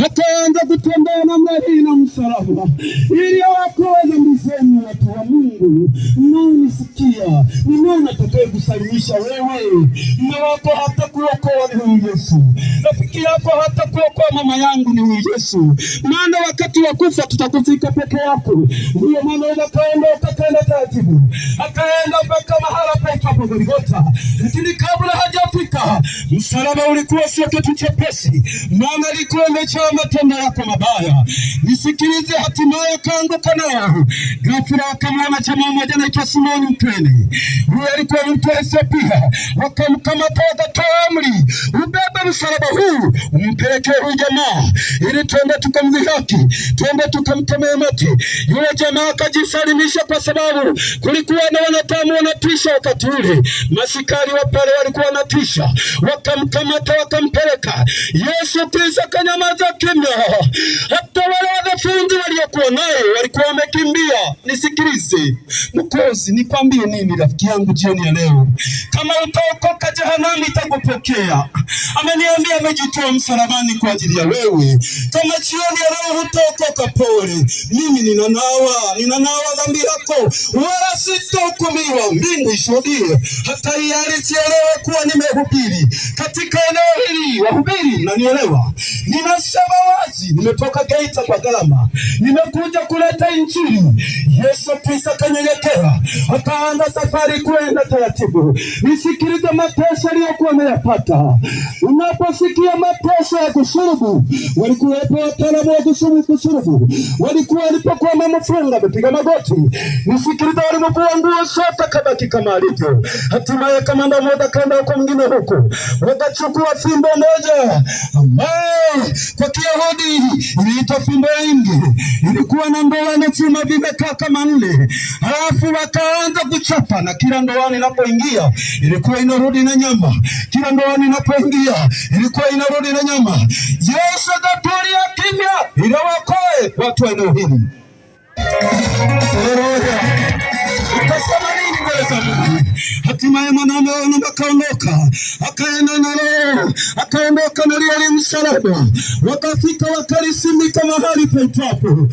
hataanza kutembea namna hii na msalaba, ili awakoze mbizeni watu wa Mungu mnaonisikia, ni nani atakayekusalimisha wewe? Mume hata kuokoa ni huyu Yesu, rafiki yako kuokoa mama yangu ni huyu Yesu. Maana wakati wa kufa tutakufika peke yako, ndiyo maana unakaenda ukakaenda Zanzibar, akaenda mpaka mahala paitwapo Golgotha. Lakini kabla hajafika, msalaba ulikuwa sio kitu chepesi, maana alikuwa imejaa matendo yako mabaya. Nisikilize, hatimaye kaanguka nao ghafla, akamwona jamaa mmoja anaitwa Simoni Mkeni. Huyo alikuwa mtu wa Ethiopia, wakamkamata wakatoa amri, ubebe msalaba huu umpelekee huyu jamaa, ili twende tukamdhihaki, twende tukamtemea mate. Yule jamaa akajisalimisha kwa sababu Kulikuwa na wanadamu wanatisha wakati ule, masikari wa pale walikuwa wanatisha, wakamkamata wakampeleka Yesu. Kristo akanyamaza kimya, hata wale walikuwa nayo walikuwa wamekimbia. Nisikilize mkozi, nikwambie nini rafiki yangu jioni ya leo, kama utaokoka, jehanamu itakupokea. Ameniambia amejitoa msalabani kwa ajili ya wewe. Kama jioni ya leo hutaokoka, pole, mimi ninanawa, ninanawa dhambi yako, wala sitahukumiwa. Mbingu ishuhudie, hata hii ardhi ielewe kuwa nimehubiri katika eneo hili. Wahubiri, nanielewa, ninasema wazi, nimetoka Geita kwa gharama, nime aliyekuja kuleta injili. Yesu Kristo akanyenyekea, akaanza safari kwenda taratibu. Nisikilize mateso aliyokuwa ameyapata. Unaposikia mateso ya kusurubu, walikuwepo wataalamu wa kusurubu, walikuwa alipokuwa mfunga amepiga magoti. Nisikilize, walivua nguo zote akabaki kama alivyo. Hatimaye kamanda mmoja kaenda huko, mwingine huko, wakachukua fimbo moja ambayo kwa Kiyahudi iliitwa fimbo ingi Nilikuwa na ndoana chuma vimekaa kama nne, alafu wakaanza kuchapa, na kila ndoa inapoingia ilikuwa inarudi na nyama, kila ndoa inapoingia ilikuwa inarudi na nyama. Yesu akatulia kimya ili wakoe watu wa eneo hili. Hatimaye mwanaume akaondoka, akaenda na roho, akaondoka na lile msalaba, wakafika wakalisimika mahali peitapo.